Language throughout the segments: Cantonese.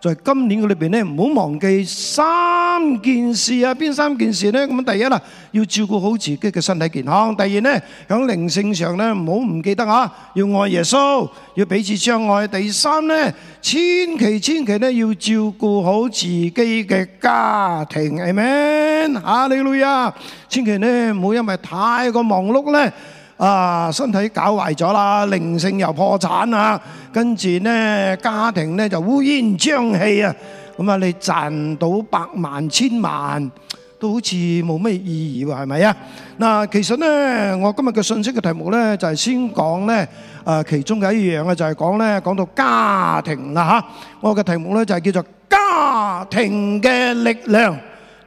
在今年嘅裏邊咧，唔好忘記三件事啊！邊三件事咧？咁第一啦，要照顧好自己嘅身體健康；第二咧，響靈性上咧，唔好唔記得啊！要愛耶穌，要彼此相愛。第三咧，千祈千祈咧，要照顧好自己嘅家庭，係咪？啊，你女啊，千祈咧唔好因為太過忙碌咧。啊！身體搞壞咗啦，靈性又破產啊，跟住呢家庭呢就烏煙瘴氣啊，咁啊你賺到百萬千萬都好似冇咩意義喎，係咪啊？嗱，其實呢我今日嘅信息嘅題目呢就係先講呢誒其中嘅一樣嘅，就係講呢講到家庭啦嚇，我嘅題目呢就係叫做家庭嘅力量。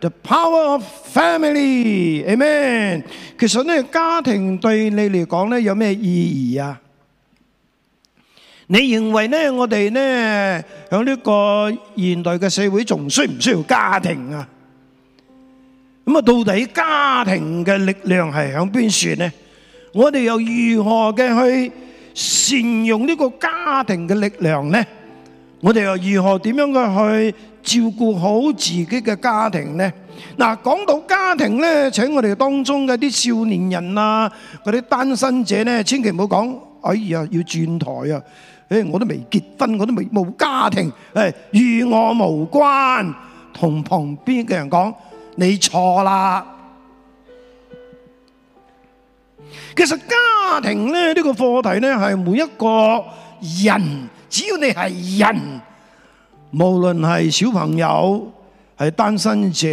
The power of family，amen。其實呢，家庭對你嚟講呢，有咩意義啊？你認為呢，我哋呢，響呢個現代嘅社會，仲需唔需要家庭啊？咁啊，到底家庭嘅力量係響邊處呢？我哋又如何嘅去善用呢個家庭嘅力量呢？我哋又如何點樣嘅去？照顧好自己嘅家庭呢。嗱，講到家庭呢，請我哋當中嘅啲少年人啊，嗰啲單身者呢，千祈唔好講，哎呀要轉台啊！哎、我都未結婚，我都未冇家庭，誒、哎、與我無關，同旁邊嘅人講你錯啦。其實家庭呢，呢、呢個課題呢，係每一個人，只要你係人。無論係小朋友，係單身者，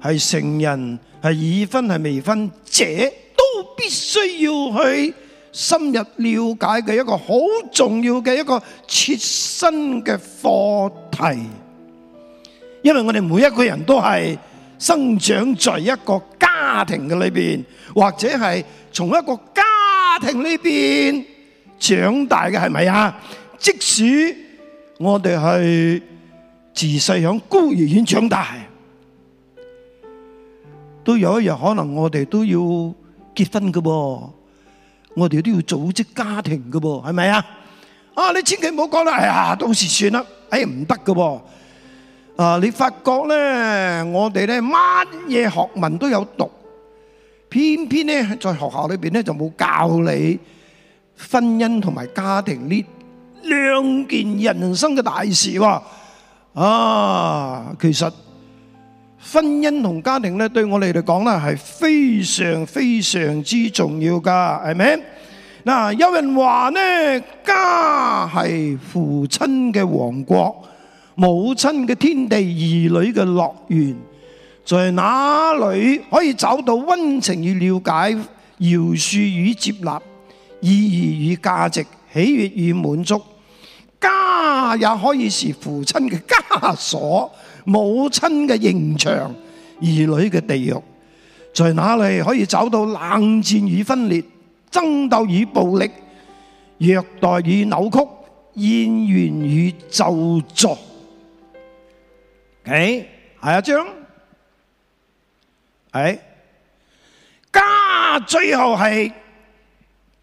係成人，係已婚，係未婚者，都必須要去深入了解嘅一個好重要嘅一個切身嘅課題。因為我哋每一個人都係生長在一個家庭嘅裏邊，或者係從一個家庭裏邊長大嘅，係咪啊？即使。我哋係自細喺孤兒院長大，都有一日可能我哋都要結婚噶噃，我哋都要組織家庭噶噃，係咪啊？啊，你千祈唔好講啦，哎呀，到時算啦，哎，唔得噶噃，啊，你發覺咧，我哋咧乜嘢學問都有讀，偏偏咧喺在學校裏邊咧就冇教你婚姻同埋家庭呢？兩件人生嘅大事喎，啊，啊，其實婚姻同家庭咧，對我哋嚟講咧，係非常非常之重要噶，係咪？嗱、啊，有人話呢，家係父親嘅王國，母親嘅天地，兒女嘅樂園。在、就是、哪裏可以找到溫情與了解、饒恕與接納、意義與價值？喜悅與滿足，家也可以是父親的枷鎖，母親的刑場，兒女的地獄，在哪裡可以找到冷戰與分裂，爭鬥與暴力，虐待與扭曲，厭倦與咒詛？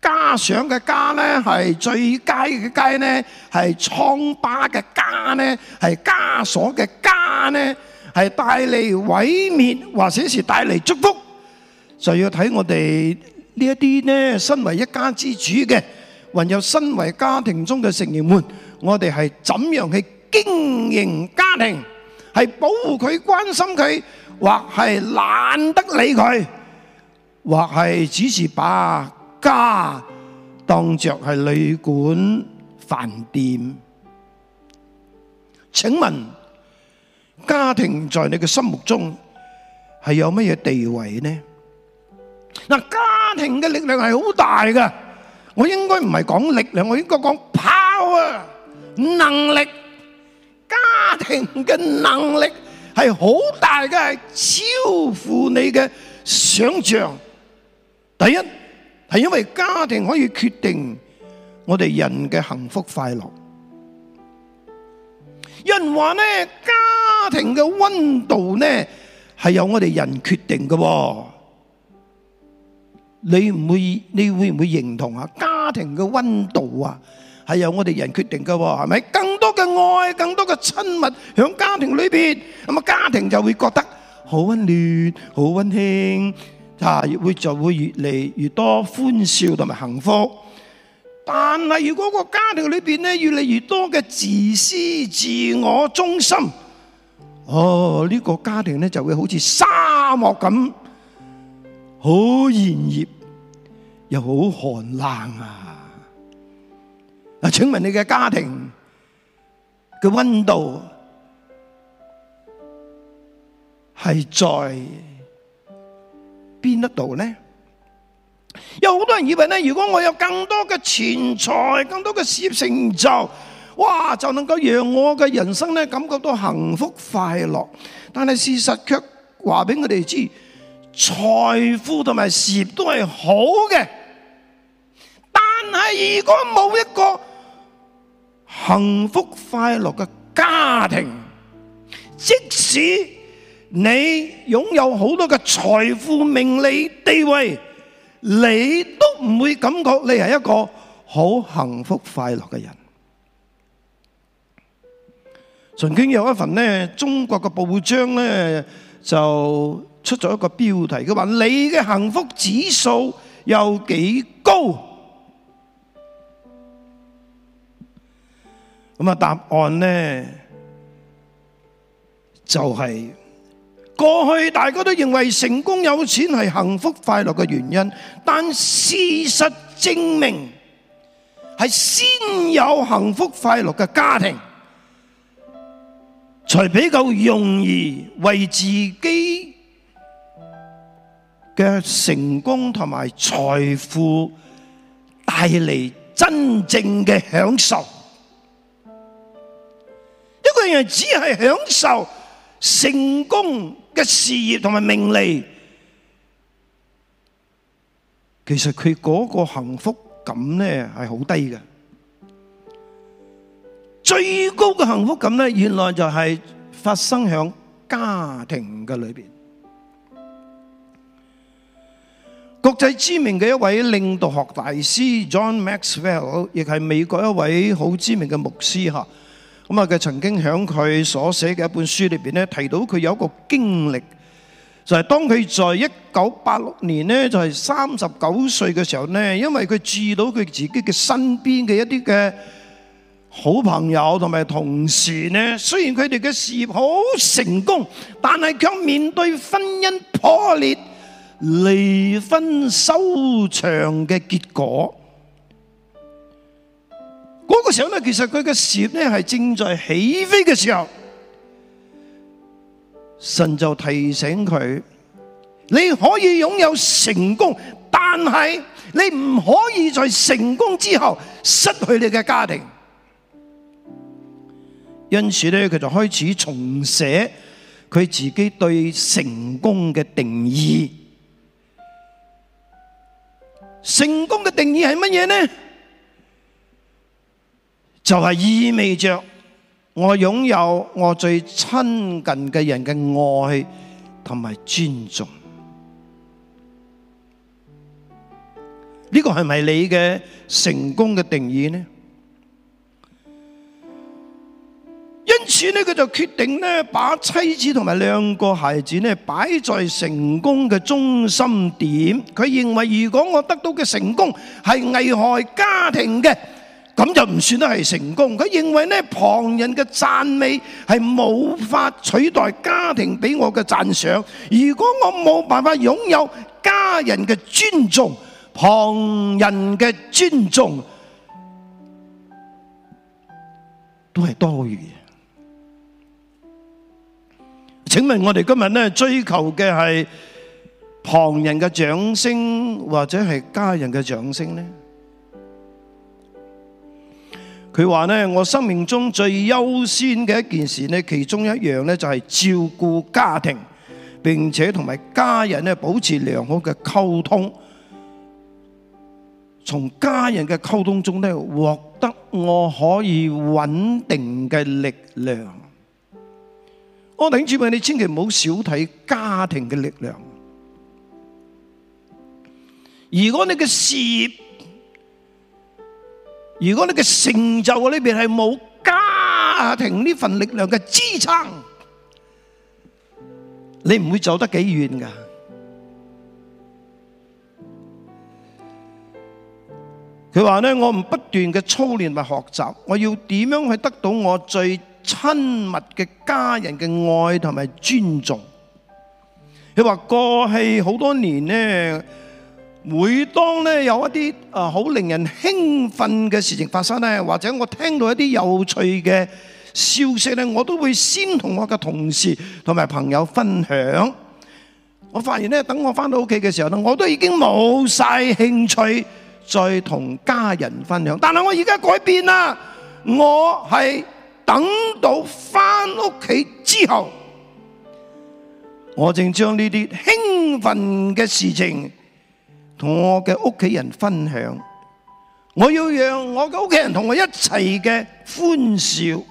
加上嘅家呢係最佳嘅家，呢係瘡疤嘅家，呢係枷鎖嘅家，呢係帶嚟毀滅，或者是帶嚟祝福，就要睇我哋呢一啲呢身為一家之主嘅，還有身為家庭中嘅成員們，我哋係怎樣去經營家庭，係保護佢、關心佢，或係懶得理佢，或係只是把。家當着係旅館、飯店，請問家庭在你嘅心目中係有乜嘢地位呢？嗱，家庭嘅力量係好大嘅。我應該唔係講力量，我應該講 power 啊，能力。家庭嘅能力係好大嘅，係超乎你嘅想象。第一。係因為家庭可以決定我哋人嘅幸福快樂。有人話咧，家庭嘅溫度咧係由我哋人決定嘅。你唔會，你會唔會認同啊？家庭嘅溫度啊，係由我哋人決定嘅，係咪？更多嘅愛，更多嘅親密，響家庭裏邊，咁啊，家庭就會覺得好溫暖，好溫馨。啊，會就會越嚟越多歡笑同埋幸福。但係如果個家庭裏邊咧越嚟越多嘅自私自我中心，哦，呢個家庭咧就會好似沙漠咁，好炎熱又好寒冷啊！啊，請問你嘅家庭嘅温度係在邊度得到咧？有好多人以為咧，如果我有更多嘅錢財、更多嘅事業成就，哇，就能夠讓我嘅人生咧感覺到幸福快樂。但係事實卻話俾我哋知，財富同埋事業都係好嘅，但係如果冇一個幸福快樂嘅家庭，即使你擁有好多嘅財富、名利、地位，你都唔會感覺你係一個好幸福快樂嘅人。曾經有一份呢，中國嘅報章呢就出咗一個標題，佢話你嘅幸福指數有幾高？咁啊，答案呢就係。過去，大家都認為成功有錢係幸福快樂嘅原因，但事實證明係先有幸福快樂嘅家庭，才比較容易為自己嘅成功同埋財富帶嚟真正嘅享受。一個人只係享受成功嘅事業同埋名利，其實佢嗰個幸福感呢係好低嘅。最高嘅幸福感呢，原來就係發生響家庭嘅裏邊。國際知名嘅一位領導學大師 John Maxwell，亦係美國一位好知名嘅牧師吓。他曾經在他所寫的一本書裏面提到他有一個經歷，就是當他在1986年，就是39歲的時候，因為他注意到他自己身邊的一些好朋友和同事，雖然他們的事業很成功，但是卻面對婚姻破裂離婚收場的結果，嗰個時候咧，其實佢嘅事業咧係正在起飛嘅時候，神就提醒佢：你可以擁有成功，但係你唔可以在成功之後失去你嘅家庭。因此咧，佢就開始重寫佢自己對成功嘅定義。成功嘅定義係乜嘢呢？就咁就唔算得係成功。佢認為咧，旁人嘅讚美係冇法取代家庭俾我嘅讚賞。如果我冇辦法擁有家人嘅尊重，旁人嘅尊重都係多餘嘅。請問我哋今日咧追求嘅係旁人嘅掌聲，或者係家人嘅掌聲咧？佢話咧，我生命中最優先嘅一件事咧，其中一樣咧就係照顧家庭，並且同埋家人咧保持良好嘅溝通。從家人嘅溝通中咧，獲得我可以穩定嘅力量。我頂住你，你千祈唔好少睇家庭嘅力量。如果你嘅事業，如果你嘅成就喺呢邊係冇家庭呢份力量嘅支撐，你唔會走得幾遠噶。佢話咧，我唔不斷嘅操練同埋學習，我要點樣去得到我最親密嘅家人嘅愛同埋尊重。佢話過去好多年咧。每當咧有一啲啊好令人興奮嘅事情發生咧，或者我聽到一啲有趣嘅消息咧，我都會先同我嘅同事同埋朋友分享。我發現咧，等我翻到屋企嘅時候咧，我都已經冇晒興趣再同家人分享。但係我而家改變啦，我係等到翻屋企之後，我正將呢啲興奮嘅事情，同我嘅屋企人分享，我要讓我嘅屋企人同我一齊嘅歡笑。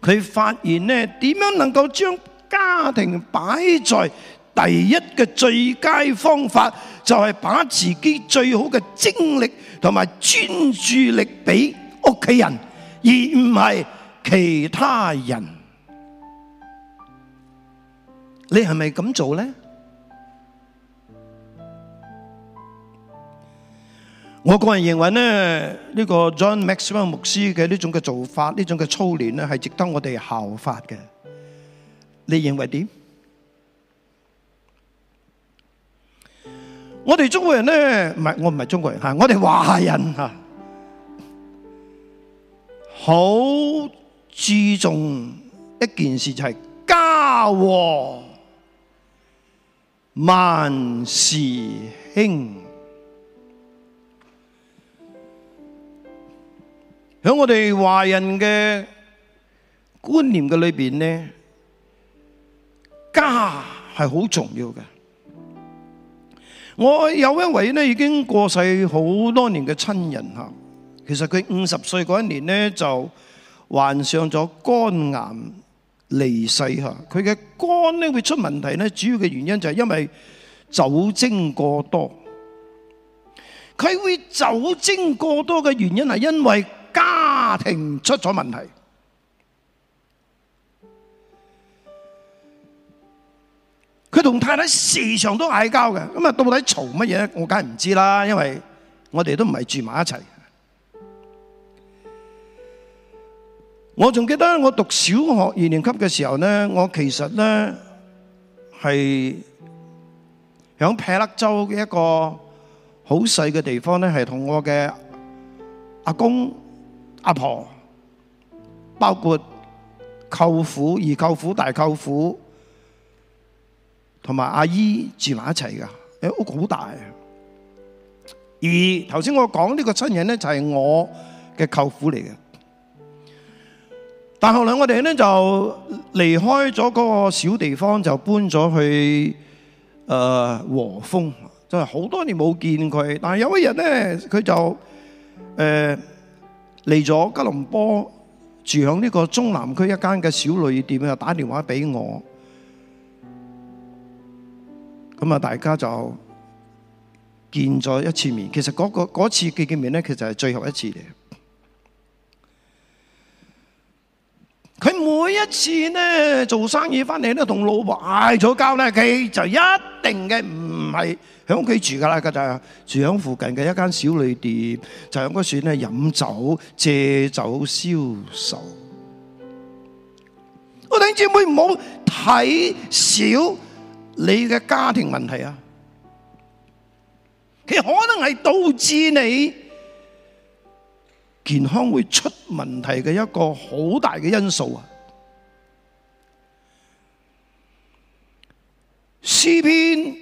佢發現咧，點樣能夠將家庭擺在第一嘅最佳方法，就係把自己最好嘅精力同埋專注力俾屋企人，而唔係其他人，你是這樣。你係咪咁做咧？我個人認為呢，呢個 John Maxwell 牧師嘅呢種嘅做法，呢種嘅操練呢，係值得我哋效法嘅。你認為點？我哋中國人呢，唔係，我唔係中國人吓，我哋華人吓，好注重一件事就係家和萬事興。喺我哋華人嘅觀念嘅裏邊呢，家係好重要嘅。我有一位呢已經過世好多年嘅親人吓，其實佢五十歲嗰一年呢就患上咗肝癌離世吓。佢嘅肝呢會出問題呢，主要嘅原因就係因為酒精過多。佢會酒精過多嘅原因係因為。家庭出咗問題，佢同太太時常都嗌交嘅。咁啊到底嘈乜嘢？我梗係唔知啦，因為我哋都唔係住埋一齊。我仲記得我讀小學二年級嘅時候呢，我其實呢係響霹靂州嘅一個好細嘅地方呢，係同我嘅阿公。阿婆，包括舅父、二舅父、大舅父，同埋阿姨住埋一齊㗎，屋好大。而頭先我講呢個親人咧，就係我嘅舅父嚟嘅。但後來我哋咧就離開咗嗰個小地方，就搬咗去誒、呃、和風，就係、是、好多年冇見佢。但係有一日咧，佢就誒。嚟咗吉隆坡，住響呢個中南區一間嘅小旅店，又打電話俾我，咁啊大家就見咗一次面。其實嗰個嗰次見見面咧，其實係最後一次嘅。佢每一次咧做生意翻嚟咧，都同老婆嗌咗交咧，佢就一定嘅唔係。喺屋企住噶啦，佢就住喺附近嘅一間小旅店，就喺嗰處咧飲酒借酒消愁。我哋弟兄姊妹唔好睇小你嘅家庭問題啊，其實可能係導致你健康會出問題嘅一個好大嘅因素啊。詩篇。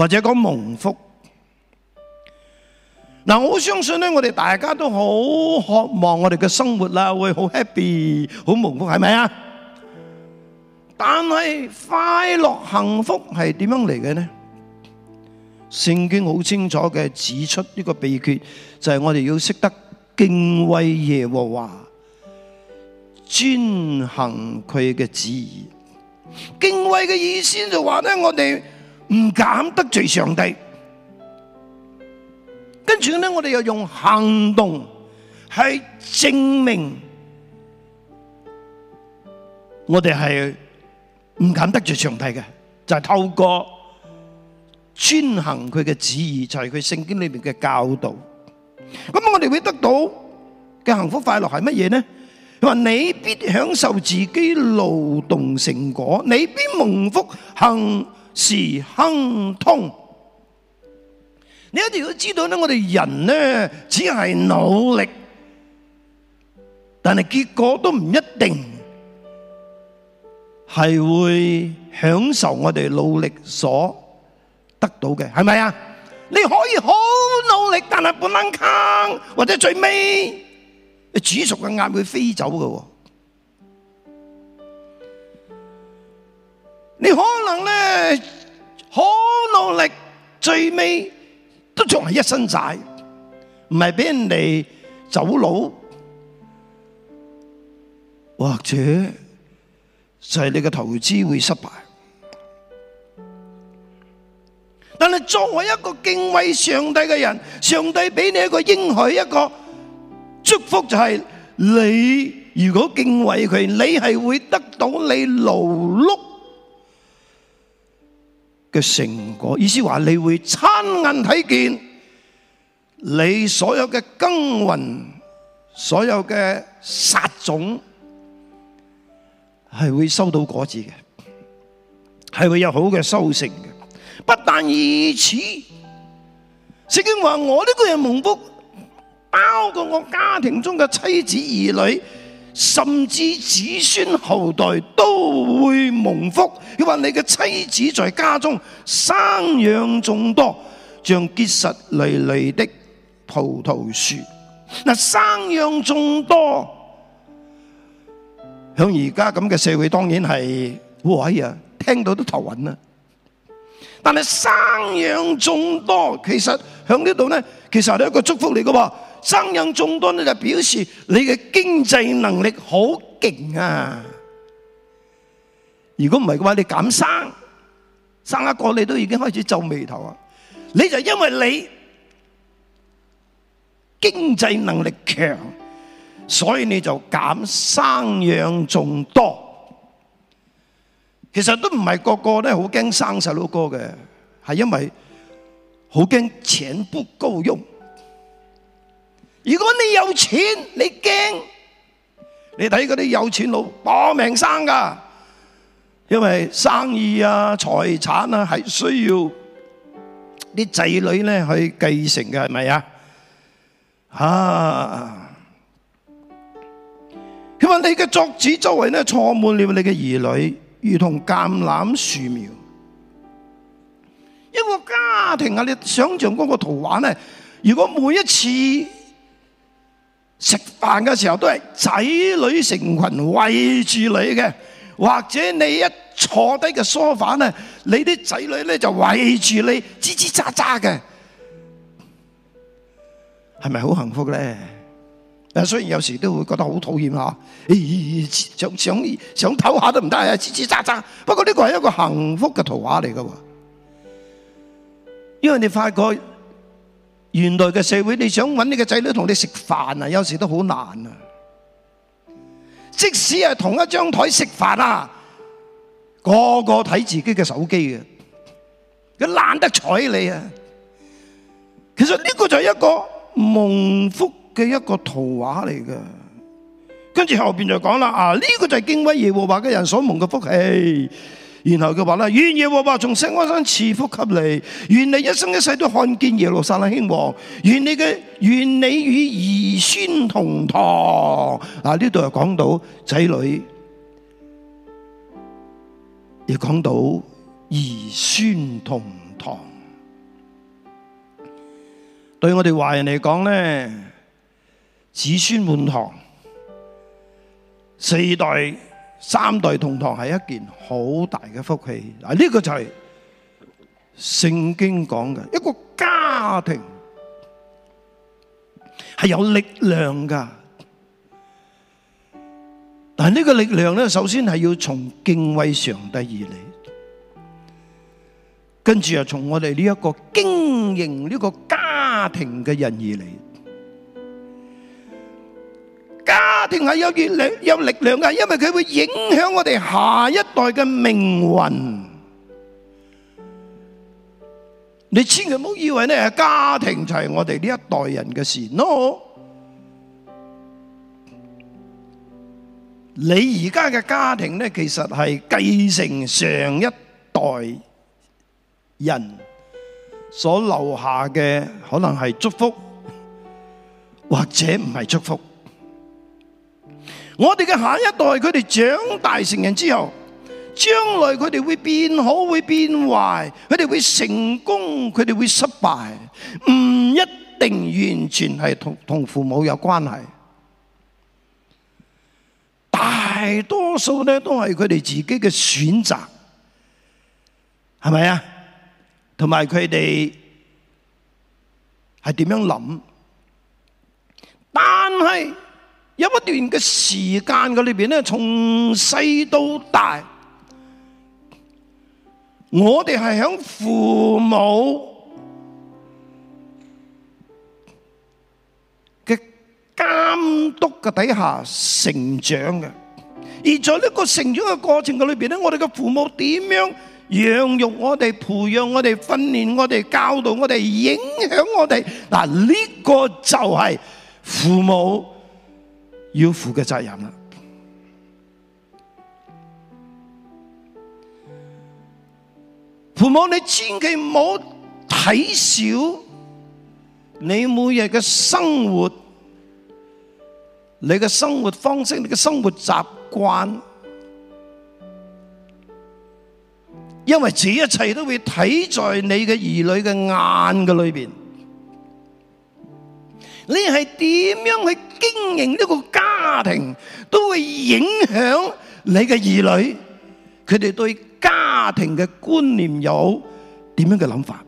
或者講蒙福，嗱，我相信咧，我哋大家都好渴望我哋嘅生活啦，會好 happy、好蒙福，係咪啊？但係快樂幸福係點樣嚟嘅呢？聖經好清楚嘅指出呢個秘訣，就係我哋要識得敬畏耶和華，遵行佢嘅旨意。敬畏嘅意思就話咧，我哋。唔敢得罪上帝，跟住咧，我哋又用行動去證明我哋係唔敢得罪上帝嘅，就係透過遵行佢嘅旨意，就係佢聖經裏邊嘅教導。咁我哋會得到嘅幸福快樂係乜嘢咧？佢話你必享受自己勞動成果，你必蒙福幸時亨通，你一定要知道咧，我哋人咧只係努力，但係結果都唔一定係會享受我哋努力所得到嘅，係咪啊？你可以好努力，但係半蚊卡或者最尾煮熟嘅鴨會飛走㗎。你可能咧好努力，最尾都仲係一身債，唔係俾人哋走佬，或者就係你嘅投資會失敗。但係作為一個敬畏上帝嘅人，上帝俾你一個應許，一個祝福就係你如果敬畏佢，你係會得到你勞碌嘅成果，意思話你會親眼睇見你所有嘅耕耘，所有嘅撒種，係會收到果子嘅，係會有好嘅收成嘅。不但如此，聖經話我呢個人蒙福，包括我家庭中嘅妻子兒女。甚至子孫後代都會蒙福。佢話你嘅妻子在家中生養眾多，像結實累累的葡萄樹。嗱，生養眾多，響而家咁嘅社會，當然係，哇、哦哎、呀，聽到都頭暈啦。但係生養眾多，其實。喺呢度咧，其實係一個祝福嚟嘅。生養眾多咧，就表示你嘅經濟能力好勁啊！如果唔係嘅話，你減生生一個，你都已經開始皺眉頭啊！你就因為你經濟能力強，所以你就減生養眾多。其實都唔係個個都係好驚生細佬哥嘅，係因為。好驚錢不夠用。如果你有錢，你驚？你睇嗰啲有錢佬搏命生噶，因為生意啊、財產啊係需要啲仔女咧去繼承嘅，係咪啊？啊！佢話你嘅桌子周圍咧坐滿了你嘅兒女，如同橄欖樹苗。一個家庭啊，你想象嗰個圖畫咧，如果每一次食飯嘅時候都係仔女成群圍住你嘅，或者你一坐低嘅梳化咧，你啲仔女咧就圍住你吱吱喳喳嘅，係咪好幸福咧？啊，雖然有時都會覺得好討厭嗬、哎，想想想唞下都唔得啊，吱吱喳喳。不過呢個係一個幸福嘅圖畫嚟㗎。因為你發覺原來嘅社會，你想揾你嘅仔女同你食飯啊，有時都好難啊。即使係同一張台食飯啊，個個睇自己嘅手機嘅，佢懶得睬你啊。其實呢個就係一個蒙福嘅一個圖畫嚟嘅。跟住後邊就講啦啊，呢、呢個就係敬畏耶和華嘅人所蒙嘅福氣。然後佢話啦，願耶和華從聖安山賜福給你，願你一生一世都看見耶路撒冷興旺，願你的，願你與兒孫同堂。啊，呢度又講到仔女，亦講到兒孫同堂。對我哋華人嚟講呢，子孫滿堂，四代。三代同堂係一件好大嘅福氣，嗱、這、呢個就係聖經講嘅一個家庭係有力量噶但係呢個力量咧，首先係要從敬畏上帝而嚟，跟住又從我哋呢一個經營呢個家庭嘅人而嚟。家庭係有力量，有力量噶，因為佢會影響我哋下一代嘅命運。你千祈唔好以為呢，家庭就係我哋呢一代人嘅事咯。你而家嘅家庭呢，其實係繼承上一代人所留下嘅，可能係祝福，或者唔係祝福。我哋嘅下一代，佢哋長大成人之後，將來佢哋會變好，會變壞，佢哋會成功，佢哋會失敗，唔一定完全係同同父母有關係。大多數咧都係佢哋自己嘅選擇，係咪啊？同埋佢哋係點樣諗？但係。有一段嘅時間嘅裏邊咧，從細到大，我哋係喺父母嘅監督嘅底下成長嘅。而在呢個成長嘅過程嘅裏邊咧，我哋嘅父母點樣養育我哋、培養我哋、訓練我哋、教導我哋、影響我哋？嗱，呢個就係父母要負嘅責任啦，父母，你千祈唔好睇小你每日嘅生活，你嘅生活方式、你嘅生活習慣，因為這一切都會睇在你嘅兒女嘅眼嘅裏邊。你係點樣去經營呢個家庭，都會影響你嘅兒女，佢哋對家庭嘅觀念有點樣嘅諗法。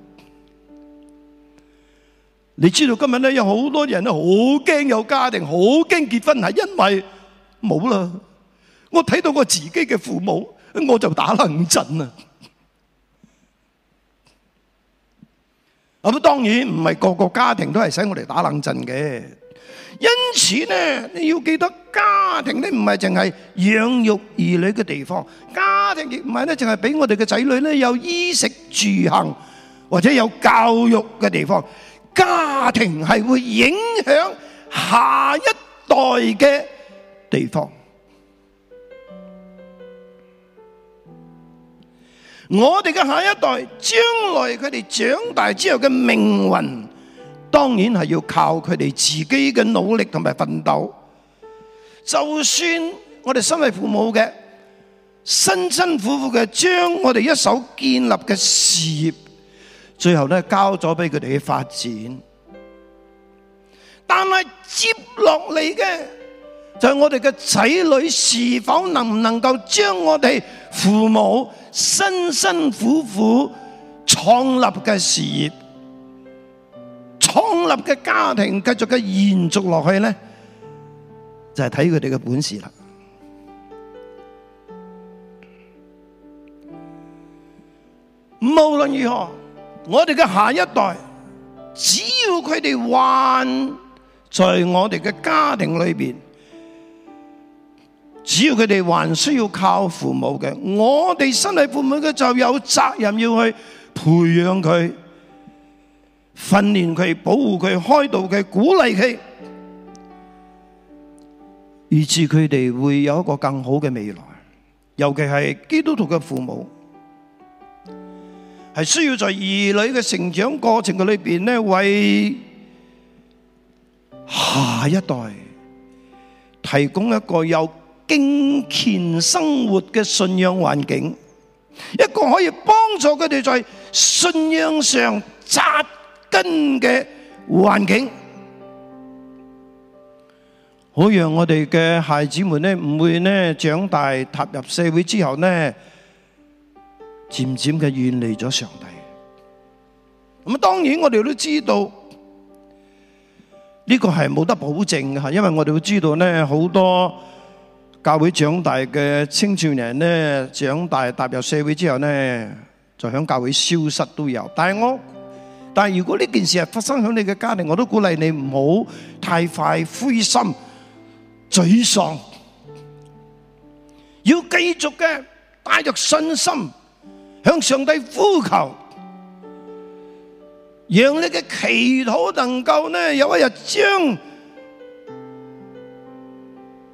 你知道今日咧有好多人咧好驚有家庭，好驚結婚，係因為冇啦。我睇到我自己嘅父母，我就打冷震啊！我都當然唔係個個家庭都係使我哋打冷震嘅，因此咧，你要記得家庭咧唔係淨係養育兒女嘅地方，家庭亦唔係咧淨係俾我哋嘅仔女咧有衣食住行或者有教育嘅地方，家庭係會影響下一代嘅地方。我哋嘅下一代，將來佢哋長大之後嘅命運，當然係要靠佢哋自己嘅努力同埋奮鬥。就算我哋身為父母嘅，辛辛苦苦嘅將我哋一手建立嘅事業，最後咧交咗俾佢哋去發展，但係接落嚟嘅。在、就是、我哋嘅仔女是否能唔能夠將我哋父母辛辛苦苦創立嘅事業、創立嘅家庭繼續嘅延續落去呢？就係睇佢哋嘅本事啦。無論如何，我哋嘅下一代，只要佢哋還在我哋嘅家庭裏邊。只要敬虔生活嘅信仰環境，一個可以幫助佢哋在信仰上紮根嘅環境，好讓我哋嘅孩子們呢唔會呢長大踏入社會之後呢，漸漸嘅遠離咗上帝。咁啊，當然我哋都知道呢個係冇得保證嘅吓，因為我哋都知道呢好多。教會長大嘅青少年咧，長大踏入社會之後咧，就響教會消失都有。但係我，但係如果呢件事係發生喺你嘅家庭，我都鼓勵你唔好太快灰心，沮喪，要繼續嘅帶着信心向上帝呼求，讓你嘅祈禱能夠咧有一日將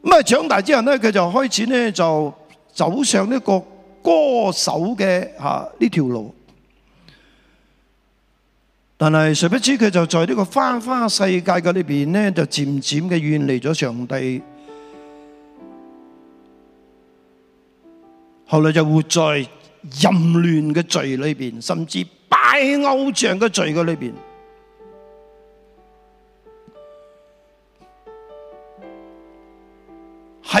咁咪長大之後呢，佢就開始呢，就走上呢個歌手嘅呢條路。但係，誰不知佢就在呢個花花世界嘅裏面呢，就漸漸嘅遠離咗上帝。後來就活在淫亂嘅罪裏面，甚至拜偶像嘅罪嘅裏邊。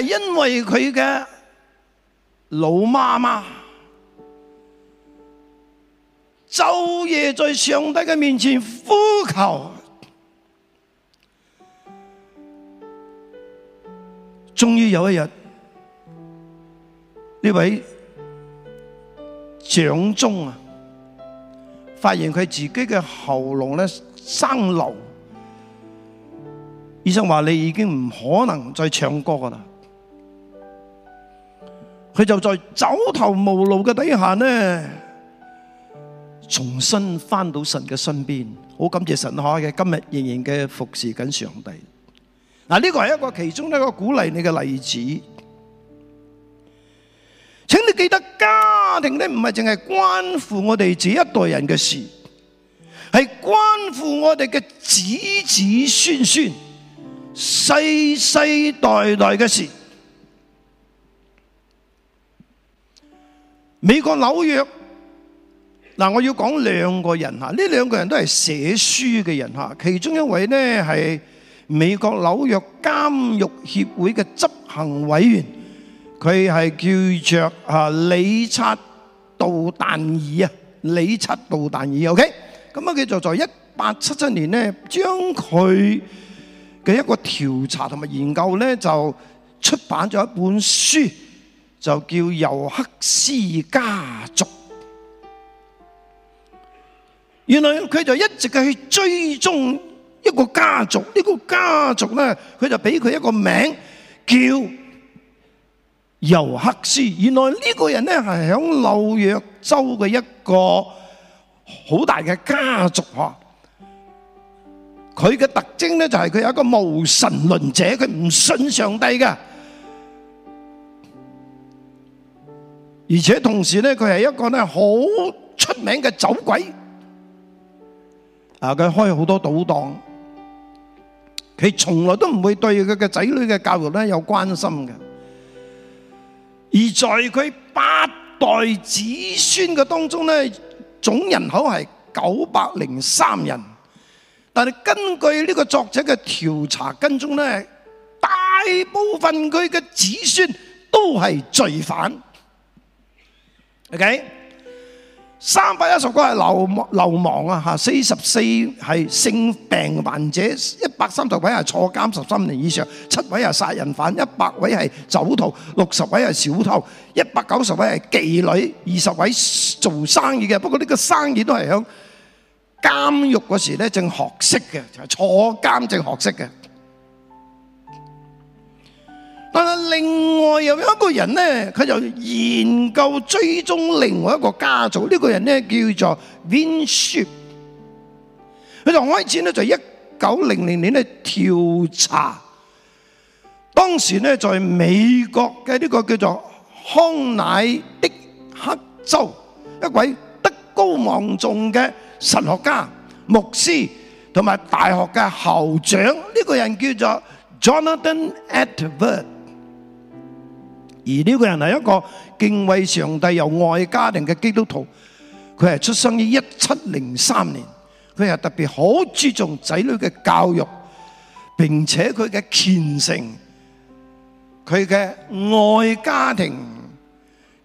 係因為佢嘅老媽媽晝夜在上帝嘅面前呼求，終於有一日呢位長鍾啊，發現佢自己嘅喉嚨咧生瘤。醫生話，你已經唔可能再唱歌噶啦。佢就在走投無路嘅底下呢，重新返到神嘅身邊。好感謝神開嘅，今日仍然嘅服侍緊上帝。嗱，呢個係一個其中一個鼓勵你嘅例子。請你記得，家庭呢唔係淨係關乎我哋這一代人嘅事，係關乎我哋嘅子子孫孫、世世代代嘅事。美國紐約嗱，我要講兩個人吓，呢兩個人都係寫書嘅人吓，其中一位呢，係美國紐約監獄協會嘅執行委員，佢係叫着啊理察杜旦爾啊，理察杜旦爾，OK，咁啊佢就在一八七七年咧，將佢嘅一個調查同埋研究咧就出版咗一本書。就叫尤克斯家族。原來佢就一直去追蹤一個家族，呢個家族呢，佢就俾佢一個名叫尤克斯。原來呢個人呢，係響紐約州嘅一個好大嘅家族啊。佢嘅特徵呢，就係佢有一個無神論者，佢唔信上帝嘅而且同時呢，佢係一個咧好出名嘅酒鬼，啊！佢開好多賭檔，佢從來都唔會對佢嘅仔女嘅教育咧有關心嘅。而在佢八代子孫嘅當中呢，總人口係九百零三人，但係根據呢個作者嘅調查跟蹤呢，大部分佢嘅子孫都係罪犯。OK，三百一十位係流流亡啊吓，四十四係性病患者，一百三十位係坐監十三年以上，七位係殺人犯，一百位係酒徒，六十位係小偷，一百九十位係妓女，二十位做生意嘅，不過呢個生意都係響監獄嗰時咧，正學識嘅，就係坐監正學識嘅。但係另外又有一個人咧，佢就研究追蹤另外一個家族。呢個人咧叫做 Winship，佢就開始咧在一九零零年咧調查。當時咧在美國嘅呢個叫做康乃狄克州一位德高望重嘅神學家、牧師同埋大學嘅校長。呢個人叫做 Jonathan Edwards。而呢個人係一個敬畏上帝又愛家庭嘅基督徒，佢係出生於一七零三年，佢係特別好注重仔女嘅教育，並且佢嘅虔誠、佢嘅愛家庭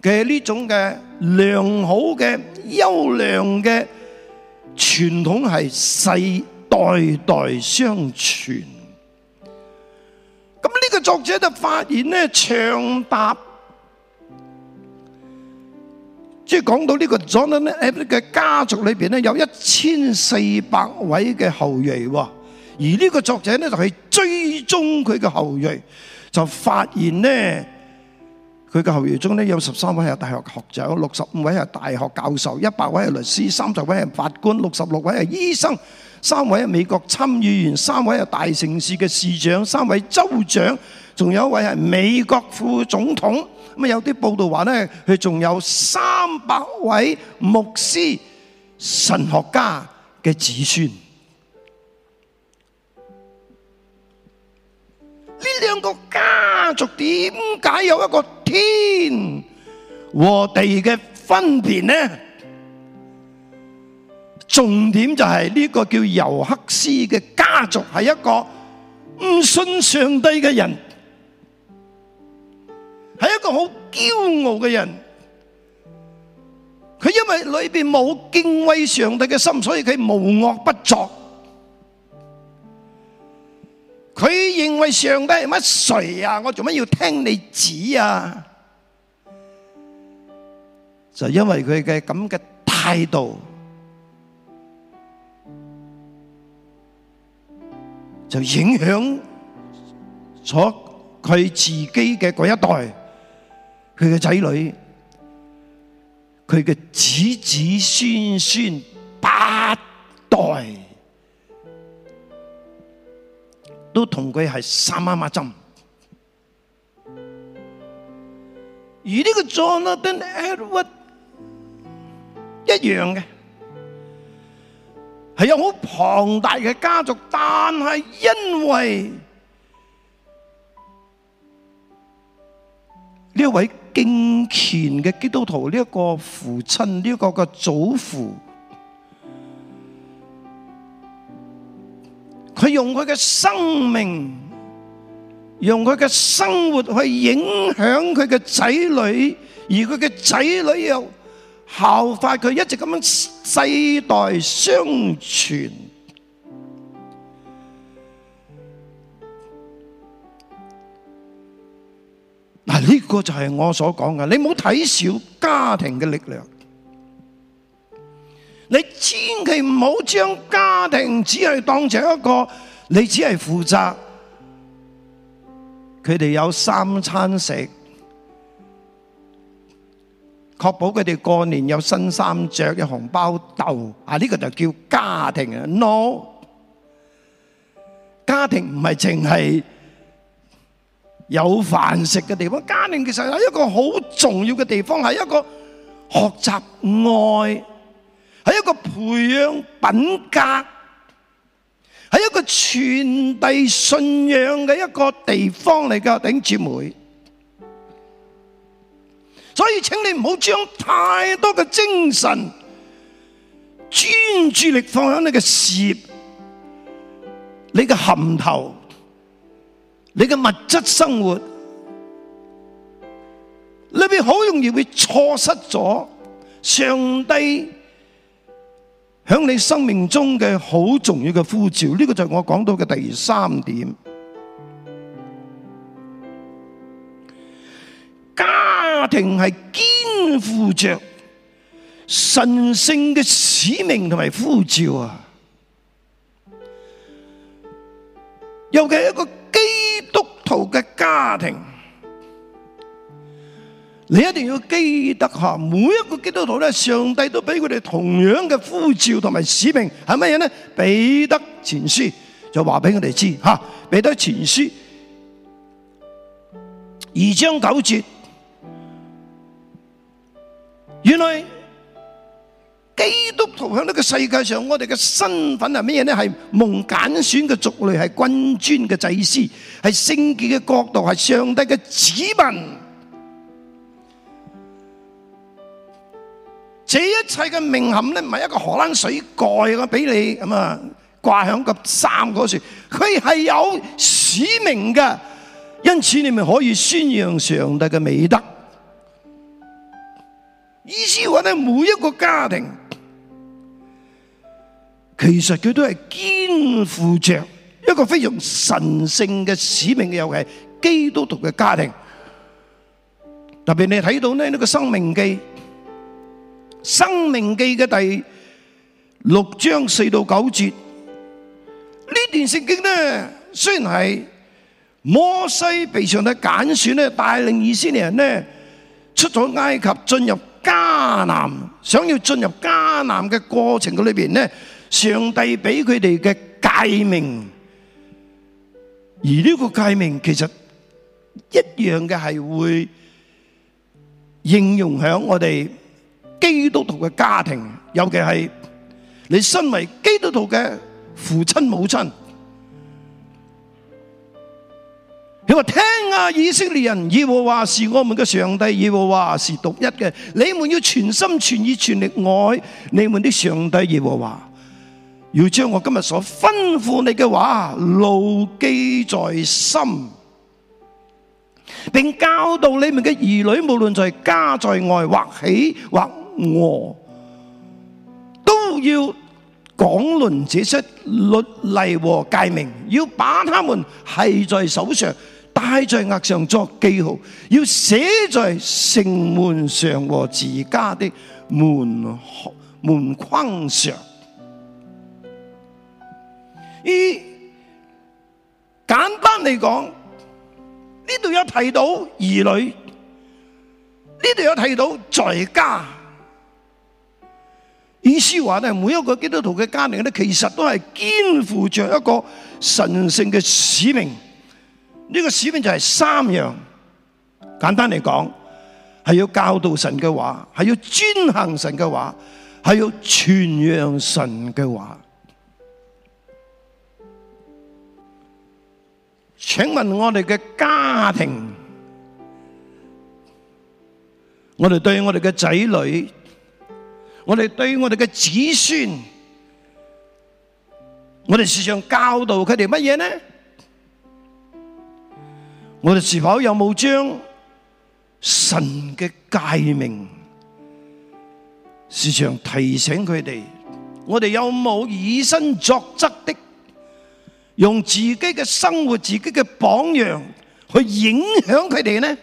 嘅呢種嘅良好嘅優良嘅傳統係世代代相傳。咁、這、呢個作者就發現咧，長達，即係講到呢個 Jonathan Edwards 嘅家族裏邊咧，有一千四百位嘅後裔喎。而呢個作者咧就係追蹤佢嘅後裔，就發現呢，佢嘅後裔中咧有十三位係大學學者，六十五位係大學教授，一百位係律師，三十位係法官，六十六位係醫生。三位係美國參議員，三位係大城市嘅市長，三位州長，仲有一位係美國副總統。咁啊有啲報道話咧，佢仲有三百位牧師、神學家嘅子孫。呢兩個家族點解有一個天和地嘅分別咧？重點就係呢個叫尤克斯嘅家族係一個唔信上帝嘅人，係一個好驕傲嘅人。佢因為裏邊冇敬畏上帝嘅心，所以佢無惡不作。佢認為上帝係乜誰啊？我做乜要聽你指啊？就因為佢嘅咁嘅態度。就影響咗佢自己嘅嗰一代，佢嘅仔女，佢嘅子子孫孫八代都同佢係三媽媽針，而呢個 Jonathan Edward 一樣嘅。係有好龐大嘅家族，但係因為呢位敬虔嘅基督徒，呢一個父親，呢一個祖父，佢用佢嘅生命，用佢嘅生活去影響佢嘅仔女，而佢嘅仔女又。效法佢一直咁樣世代相傳，嗱呢個就係我所講嘅，你唔好睇小家庭嘅力量，你千祈唔好將家庭只係當成一個，你只係負責，佢哋有三餐食。確保佢哋過年有新衫著，有紅包兜，啊！呢個就叫家庭啊，no。家庭唔係淨係有飯食嘅地方，家庭其實係一個好重要嘅地方，係一個學習愛，係一個培養品格，係一個傳遞信仰嘅一個地方嚟㗎，弟兄姊妹。所以請你唔好將太多嘅精神、專注力放喺你嘅事業、你嘅銜頭、你嘅物質生活，你會好容易會錯失咗上帝喺你生命中嘅好重要嘅呼召。呢個就係我講到嘅第三點。家庭係肩負着神聖嘅使命同埋呼召啊！尤其係一個基督徒嘅家庭，你一定要記得下，每一個基督徒咧，上帝都俾佢哋同樣嘅呼召同埋使命，係乜嘢咧？彼得前書就話俾佢哋知，吓，彼得前書二章九節。原來基督徒向呢個世界上，我哋嘅身份係咩呢？係蒙揀選嘅族類，係君尊嘅祭司，係聖潔嘅國度，係上帝嘅子民。這一切嘅名銜呢，唔係一個荷蘭水蓋咁俾你咁啊掛喺個山嗰處，佢係有使命嘅，因此你們可以宣揚上帝嘅美德。意思話咧，每一個家庭其實佢都係肩負着一個非常神聖嘅使命，尤其基督徒嘅家庭。特別你睇到咧呢個《申命記》，《申命記》嘅第六章四到九節呢段聖經咧，雖然係摩西被上帝揀選咧，帶領以色列人咧出咗埃及，進入。迦南，想要進入迦南嘅過程嘅裏邊呢，上帝俾佢哋嘅誡命，而呢個誡命其實一樣嘅係會應用喺我哋基督徒嘅家庭，尤其係你身為基督徒嘅父親母親。你話聽啊，以色列人，耶和華是我們嘅上帝，耶和華是獨一嘅。你們要全心全意全力愛你們的上帝耶和華，要將我今日所吩咐你嘅話牢記在心，並教導你們嘅兒女，無論在家在外，或起或卧，都要講論這些律例和誡命，要把他們繫在手上。帶在額上作記號，要寫在城門上和自家的門門框上。而簡單嚟講，呢度有提到兒女，呢度有提到在家。意思話咧，每一個基督徒嘅家庭咧，其實都係肩負着一個神聖嘅使命。呢、這個使命就係三樣，簡單嚟講，係要教導神嘅話，係要遵行神嘅話，係要傳揚神嘅話。請問我哋嘅家庭，我哋對我哋嘅仔女，我哋對我哋嘅子孫，我哋時常教導佢哋乜嘢呢？我哋是否有冇將神嘅誡命時常提醒佢哋？我哋有冇以身作則的，用自己嘅生活、自己嘅榜樣去影響佢哋呢？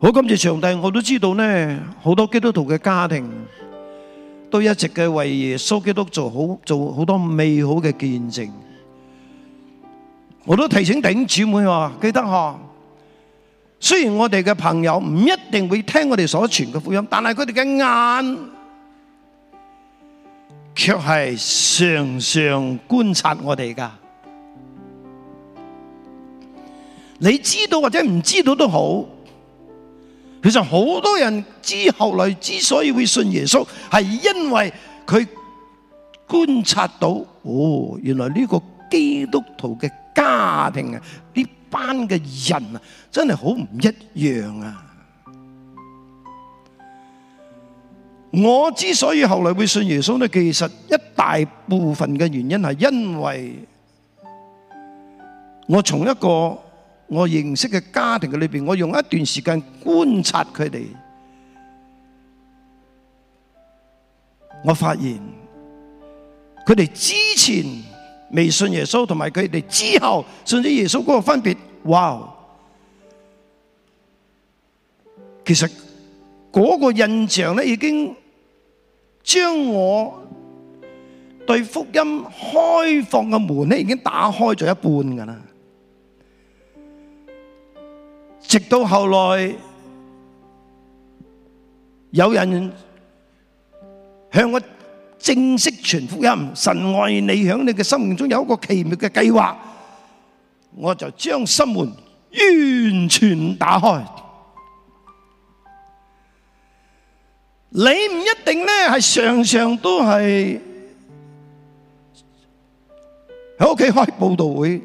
好，感謝上帝，我都知道呢，好多基督徒嘅家庭，都一直嘅為耶穌基督做好做好多美好嘅見證，我都提醒弟兄姊妹話：記得嗬，雖然我哋嘅朋友唔一定會聽我哋所傳嘅福音，但係佢哋嘅眼卻係常常觀察我哋噶。你知道或者唔知道都好。其實好多人之後來之所以會信耶穌，係因為佢觀察到，哦，原來呢個基督徒嘅家庭啊，呢班嘅人啊，真係好唔一樣啊！我之所以後來會信耶穌咧，其實一大部分嘅原因係因為，我從一個。我認識嘅家庭裏邊，我用一段時間觀察佢哋，我發現佢哋之前未信耶穌，同埋佢哋之後信咗耶穌嗰個分別，哇！其實嗰個印象咧，已經將我對福音開放嘅門咧，已經打開咗一半噶啦。直到後來，有人向我正式傳福音，神愛你，喺你嘅生命中有一個奇妙嘅計劃，我就將心門完全打開。你唔一定咧，係常常都係喺屋企開布道會，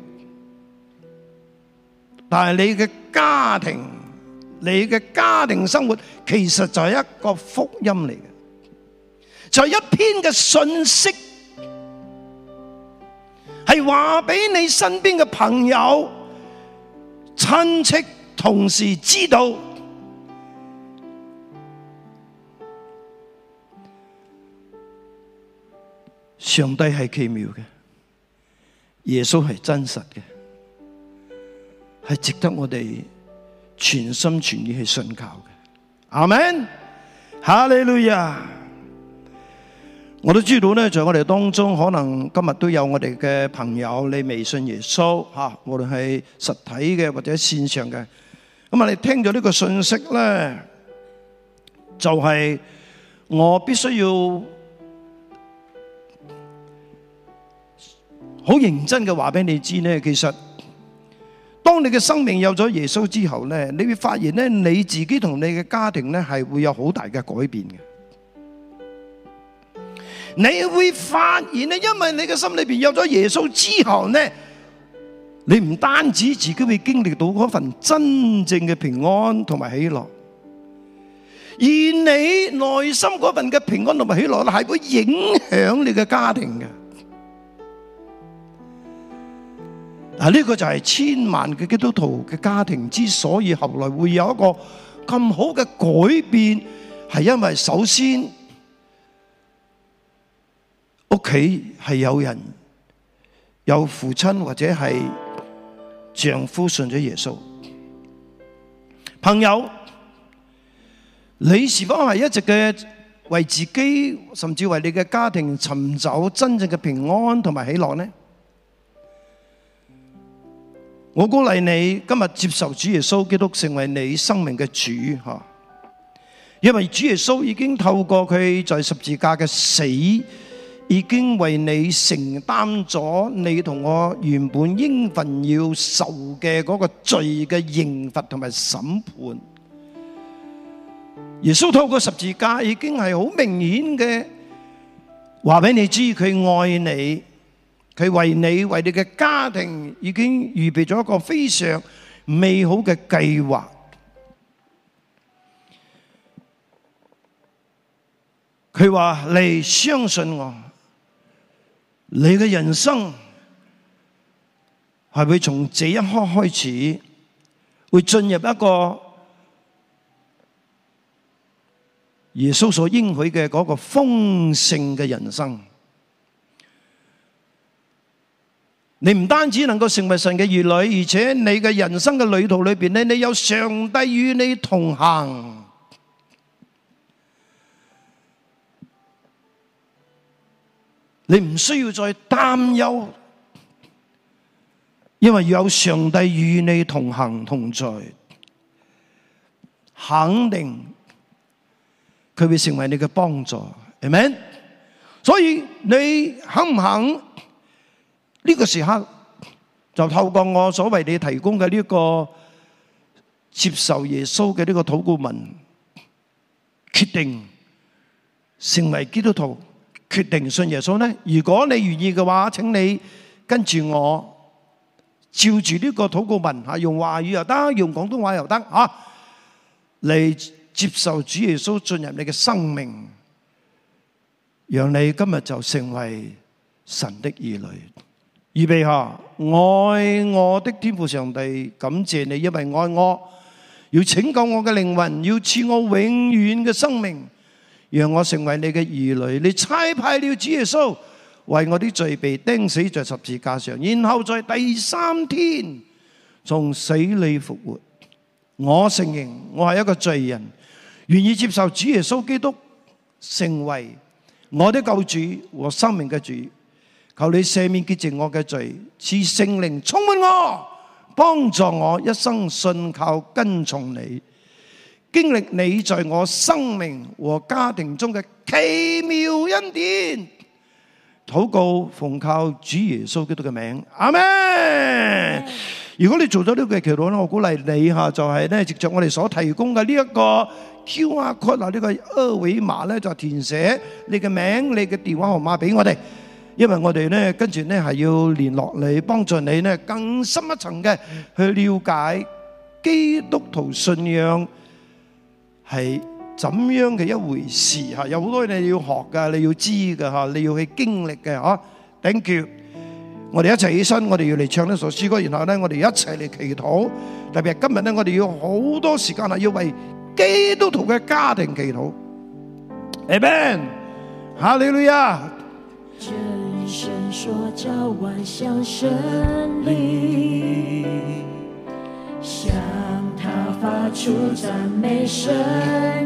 但係你嘅。家庭，你嘅家庭生活其實就係一個福音嚟嘅。就係一篇嘅信息，係話俾你身邊嘅朋友、親戚、同事知道，上帝係奇妙嘅，耶穌係真實嘅。係值得我哋全心全意去信靠嘅，阿門，哈利路亞。我都知道呢。在我哋當中，可能今日都有我哋嘅朋友，你未信耶穌吓、啊，無論係實體嘅或者是線上嘅，咁啊，你聽咗呢個信息呢，就係、是、我必須要好認真嘅話俾你知呢。其實，當你嘅生命有咗耶穌之後咧，你會發現咧你自己同你嘅家庭咧係會有好大嘅改變嘅。你會發現咧，因為你嘅心裏邊有咗耶穌之後咧，你唔單止自己會經歷到嗰份真正嘅平安同埋喜樂，而你內心嗰份嘅平安同埋喜樂咧，係會影響你嘅家庭嘅。啊！呢個就係千萬嘅基督徒嘅家庭之所以後來會有一個咁好嘅改變，係因為首先屋企係有人有父親或者係丈夫信咗耶穌，朋友，你是否係一直嘅為自己甚至為你嘅家庭尋找真正嘅平安同埋喜樂呢？我鼓勵你今日接受主耶穌基督成為你生命嘅主吓，因為主耶穌已經透過佢在十字架嘅死，已經為你承擔咗你同我原本應份要受嘅嗰個罪嘅刑罰同埋審判。耶穌透過十字架已經係好明顯嘅話俾你知佢愛你。佢為你、為你嘅家庭已經預備咗一個非常美好嘅計劃。佢話：你相信我，你嘅人生係會從這一刻開始，會進入一個耶穌所應許嘅嗰個豐盛嘅人生。你唔單止能夠成為神嘅兒女，而且你嘅人生嘅旅途裏邊呢，你有上帝與你同行，你唔需要再擔憂，因為有上帝與你同行同在，肯定佢會成為你嘅幫助。阿們，所以你肯唔肯？呢個時刻就透過我所為你提供嘅呢個接受耶穌嘅呢個禱告文，決定成為基督徒，決定信耶穌呢。如果你願意嘅話，請你跟住我，照住呢個禱告文吓，用華語又得，用廣東話又得吓，嚟接受主耶穌進入你嘅生命，讓你今日就成為神的兒女。預備下，愛我的天父上帝，感謝你，因為愛我，要拯救我嘅靈魂，要賜我永遠嘅生命，讓我成為你嘅兒女。你差派了主耶穌，為我啲罪被釘死在十字架上，然後在第三天從死裏復活。我承認我係一個罪人，願意接受主耶穌基督成為我的救主和生命嘅主。求你赦免潔淨我嘅罪，賜聖靈充滿我，幫助我一生信靠跟從你，經歷你在我生命和家庭中嘅奇妙恩典。禱告奉靠主耶穌基督嘅名，阿門。如果你做咗呢個祈禱咧，我鼓勵你吓，就係咧，藉着我哋所提供嘅呢一個 QR code 呢個二維碼咧，就填寫你嘅名、你嘅電話號碼俾我哋。因為我哋咧，跟住咧係要聯絡你，幫助你咧更深一層嘅去了解基督徒信仰係怎樣嘅一回事吓，有好多嘢你要學噶，你要知噶吓，你要去經歷嘅吓。頂住，我哋一齊起身，我哋要嚟唱呢首詩歌，然後咧我哋一齊嚟祈禱。特別係今日咧，我哋要好多時間啊，要為基督徒嘅家庭祈禱。Amen。吓，你女啊！神所造萬象，生靈向他發出讚美聲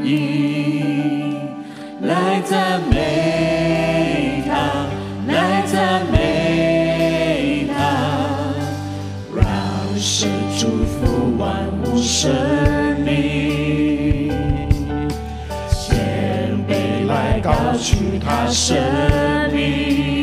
音，來讚美他，來讚美他，讓神祝福萬物生靈，先杯來高舉他聖名。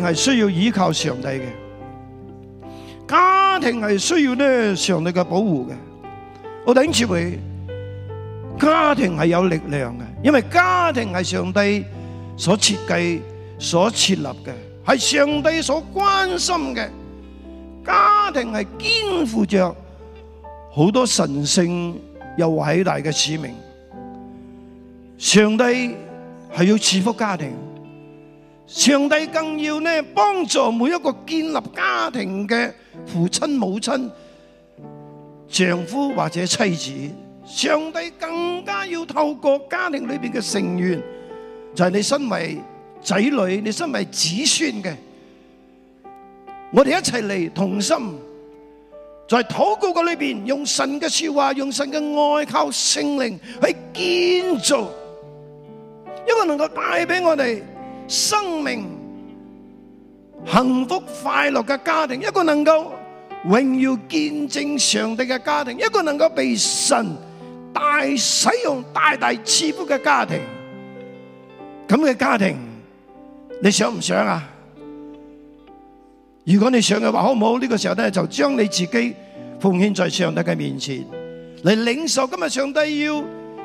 係需要依靠上帝嘅。家庭係需要咧上帝嘅保護嘅。我頂住佢，家庭係有力量嘅，因為家庭係上帝所設計、所設立嘅，係上帝所關心嘅。家庭係肩負着好多神聖又偉大嘅使命，上帝係要賜福家庭。上帝更要呢幫助每一個建立家庭嘅父親、母親、丈夫或者妻子。上帝更加要透過家庭裏邊嘅成員，就係你身為仔女、你身為子孫嘅，我哋一齊嚟同心，在禱告嘅裏邊，用神嘅說話、用神嘅愛靠聖靈去建造一個能夠帶俾我哋生命幸福快樂嘅家庭，一個能夠榮耀見證上帝嘅家庭，一個能夠被神大使用、大大賜福嘅家庭，咁嘅家庭，你想唔想啊？如果你想嘅話，好唔好？呢個時候咧，就將你自己奉獻在上帝嘅面前，嚟領受今日上帝要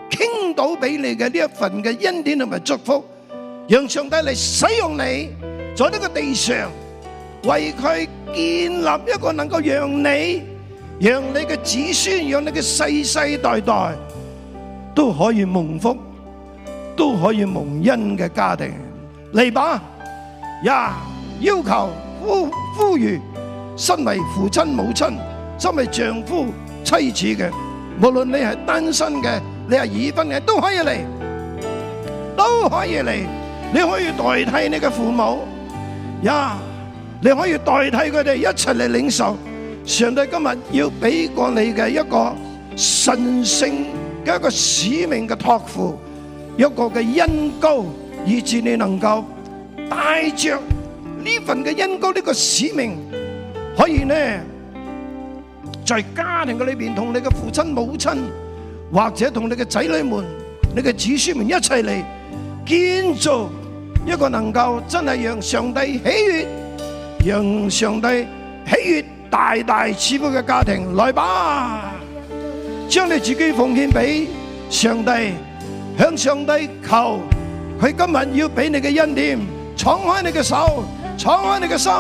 傾倒俾你嘅呢一份嘅恩典同埋祝福。讓上帝嚟使用你，在呢個地上，為佢建立一個能夠讓你、讓你嘅子孫、讓你嘅世世代代都可以蒙福、都可以蒙恩嘅家庭嚟吧！呀、yeah，要求呼呼籲，身為父親母親、身為丈夫妻子嘅，無論你係單身嘅，你係已婚嘅，都可以嚟，都可以嚟。你可以代替你嘅父母，呀！你可以代替佢哋一齊嚟領受。上帝今日要俾過你嘅一個神聖嘅一個使命嘅託付，一個嘅恩膏，以致你能夠帶着呢份嘅恩膏呢個使命，可以呢，在家庭嘅裏邊同你嘅父親母親，或者同你嘅仔女們、你嘅子孫們一齊嚟建造。一個能夠真係讓上帝喜悅、讓上帝喜悅大大賜福嘅家庭，來吧，將你自己奉獻俾上帝，向上帝求佢今日要俾你嘅恩典，敞開你嘅手，敞開你嘅心，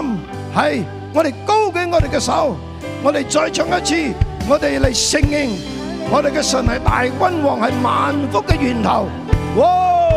係我哋高舉我哋嘅手，我哋再唱一次，我哋嚟承認我哋嘅神係大君王，係萬福嘅源頭，哇！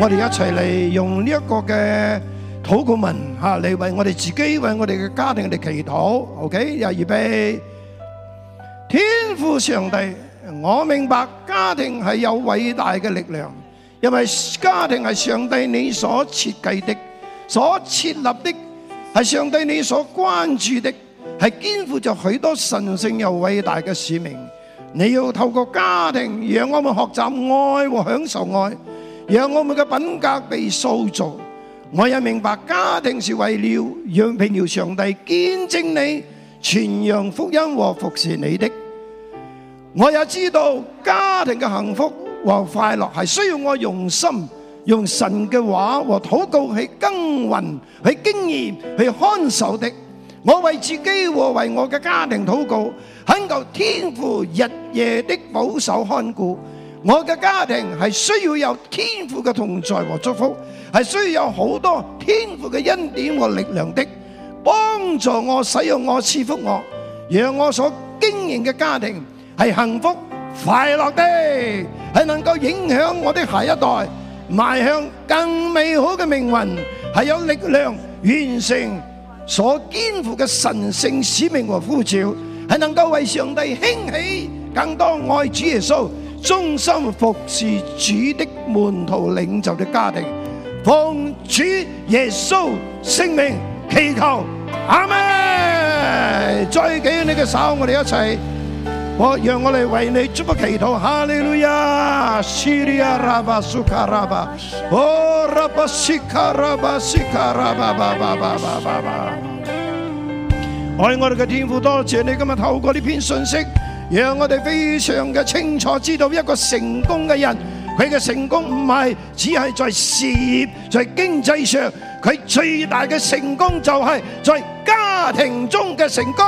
我哋一齊嚟，用呢一個嘅禱告文吓，嚟為我哋自己、為我哋嘅家庭嚟祈禱。OK，又預備。天父上帝，我明白家庭係有偉大嘅力量，因為家庭係上帝你所設計的、所設立的，係上帝你所關注的，係肩負着許多神聖又偉大嘅使命。你要透過家庭，讓我們學習愛和享受愛。讓我們嘅品格被塑造。我也明白家庭是為了讓榮耀上帝見證你，傳揚福音和服侍你的。我也知道家庭嘅幸福和快樂係需要我用心用神嘅話和禱告去耕耘、去經營、去看守的。我為自己和為我嘅家庭禱告，懇求天父日夜的保守看顧。我嘅家庭係需要有天父嘅同在和祝福，係需要有好多天父嘅恩典和力量的，幫助我使用我賜福我，讓我所經營嘅家庭係幸福快樂的，係能夠影響我的下一代邁向更美好嘅命運，係有力量完成所肩負嘅神聖使命和呼召，係能夠為上帝興起更多愛主耶穌。忠心服侍主的門徒領袖的家庭，奉主耶穌聖名祈求，阿門。再舉你嘅手，我哋一齊，我讓我嚟為你祝福祈禱，哈利路亞，Shirya Raba Sukaraba，哦，Raba Sukaraba Sukaraba，巴愛我哋嘅天父，多謝你今日透過呢篇信息。讓我哋非常嘅清楚知道一個成功嘅人，佢嘅成功唔係只係在事業，就是，在經濟上，佢最大嘅成功就係在家庭中嘅成功。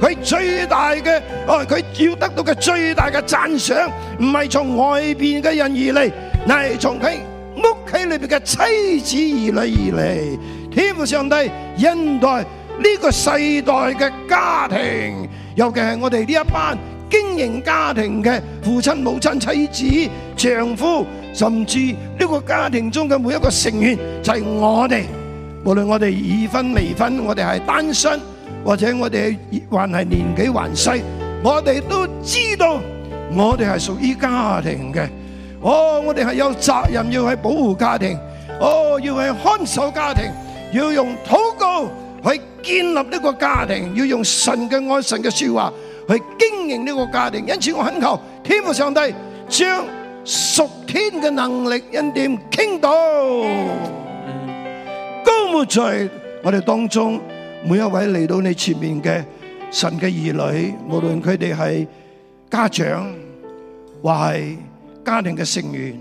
佢最大嘅，哦，佢要得到嘅最大嘅讚賞，唔係從外面嘅人而嚟，係從佢屋企裏面嘅妻子而嚟而嚟。天父上帝，恩待呢個世代嘅家庭。尤其係我哋呢一班經營家庭嘅父親、母親、妻子、丈夫，甚至呢個家庭中嘅每一個成員，就係我哋。無論我哋已婚、未婚，我哋係單身，或者我哋還係年紀還細，我哋都知道我哋係屬於家庭嘅。哦，我哋係有責任要去保護家庭，哦，要去看守家庭，要用禱告。去建立呢個家庭，要用神嘅愛、神嘅說話去經營呢個家庭。因此，我懇求天父上帝將屬天嘅能力恩典傾倒，膏抹在我哋當中。每一位嚟到你前面嘅神嘅兒女，無論佢哋係家長或係家庭嘅成員，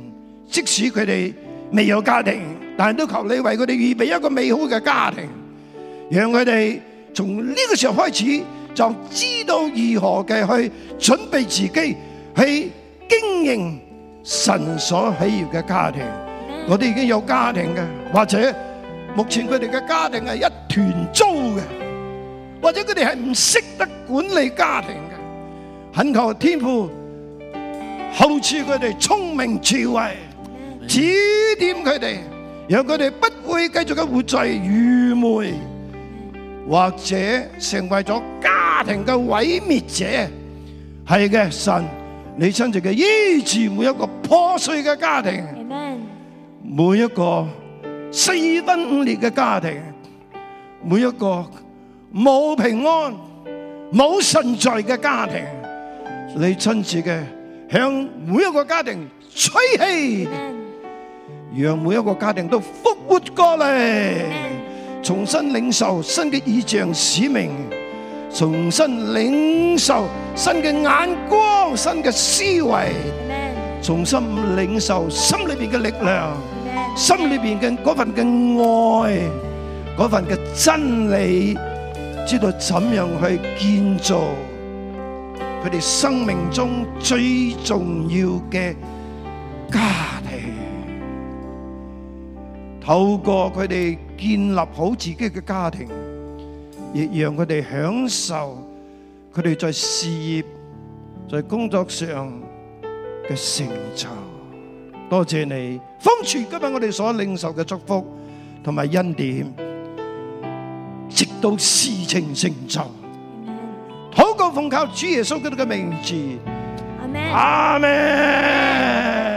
即使佢哋未有家庭，但係都求你為佢哋預備一個美好嘅家庭。讓佢哋從呢個時候開始就知道如何嘅去準備自己，去經營神所喜悅嘅家庭。我哋已經有家庭嘅，或者目前佢哋嘅家庭係一團糟嘅，或者佢哋係唔識得管理家庭嘅，懇求天父厚賜佢哋聰明智慧，指點佢哋，讓佢哋不會繼續咁活在愚昧。或者成為咗家庭嘅毀滅者，係嘅，神，你親自嘅醫治每一個破碎嘅家庭，每一個四分五裂嘅家庭，每一個冇平安冇神在嘅家庭，你親自嘅向每一個家庭吹氣，讓每一個家庭都復活過嚟。重新領受新嘅異象使命，重新領受新嘅眼光、新嘅思維，重新領受心裏邊嘅力量，心裏邊嘅嗰份嘅愛，嗰份嘅真理，知道怎樣去建造佢哋生命中最重要嘅家庭，透過佢哋。建立好自己嘅家庭，亦讓佢哋享受佢哋在事業、在工作上嘅成就。多謝你，封存今日我哋所領受嘅祝福同埋恩典，直到事情成就。禱告奉靠主耶穌基督嘅名字，阿門。